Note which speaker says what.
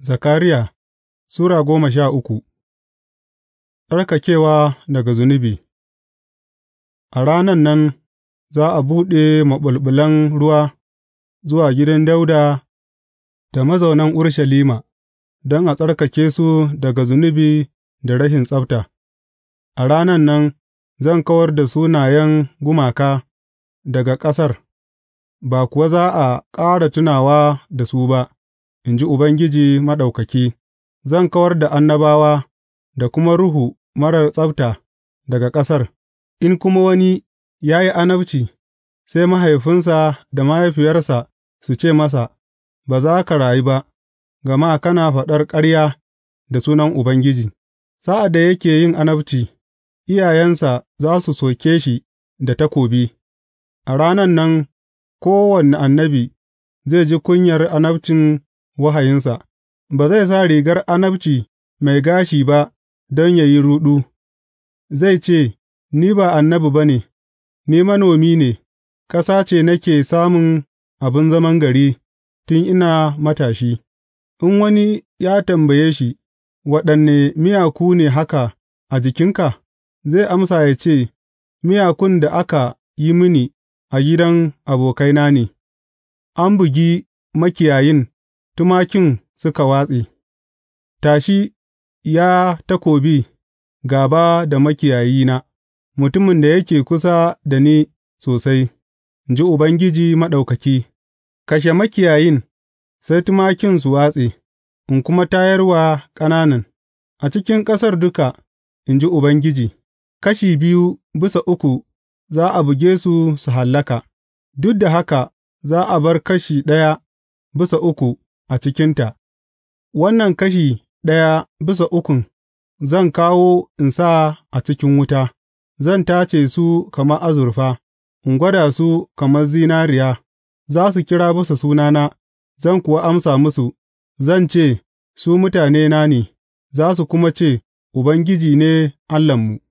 Speaker 1: Zakariya Sura goma sha uku Tsarkakewa daga zunubi A ranan nan za a buɗe maɓulɓulan ruwa zuwa gidan Dauda da mazaunan Urushalima, don a tsarkake su daga zunubi da rashin tsabta, a ranan nan zan kawar da sunayen gumaka daga ƙasar, ba kuwa za a ƙara tunawa da su ba. in ji Ubangiji Maɗaukaki, zan kawar da annabawa da kuma ruhu marar tsabta daga ƙasar, in kuma wani ya yi annabci, sai mahaifinsa da mahaifiyarsa su ce masa, Ba za ka rayu ba, gama kana faɗar ƙarya da sunan Ubangiji, sa'ad da yake yin annabci, iyayensa za su soke shi da takobi, a ranan nan kowane annabi zai ji kunyar annabcin wahayinsa, ba zai sa rigar anabci mai gashi ba don yă yi ruɗu, zai ce, Ni ba annabi ba ne, ni manomi ne, ƙasa ce nake samun abin zaman gari tun ina matashi, in wani ya tambaye shi, Waɗanne miyaku ne haka a jikinka?’ zai amsa ya ce, Miyakun da aka yi mini a gidan abokaina ne, an bugi makiyayin tumakin suka watse, Tashi, ya takobi, gaba da makiyayina, mutumin da yake kusa da ni sosai, in ji Ubangiji Maɗaukaki, kashe makiyayin, sai tumakin su watse, in kuma tayar wa ƙananan, a cikin ƙasar duka, in ji Ubangiji, kashi biyu bisa uku za a buge su su hallaka, duk da haka za a bar kashi ɗaya bisa uku. a cikinta, wannan kashi ɗaya bisa ukun zan kawo in sa a cikin wuta, zan tace su kamar azurfa, in gwada su kamar zinariya, za su kira bisa sunana, zan kuwa amsa musu, zan ce, Su mutanena ne, za su kuma ce, Ubangiji ne Allahnmu.’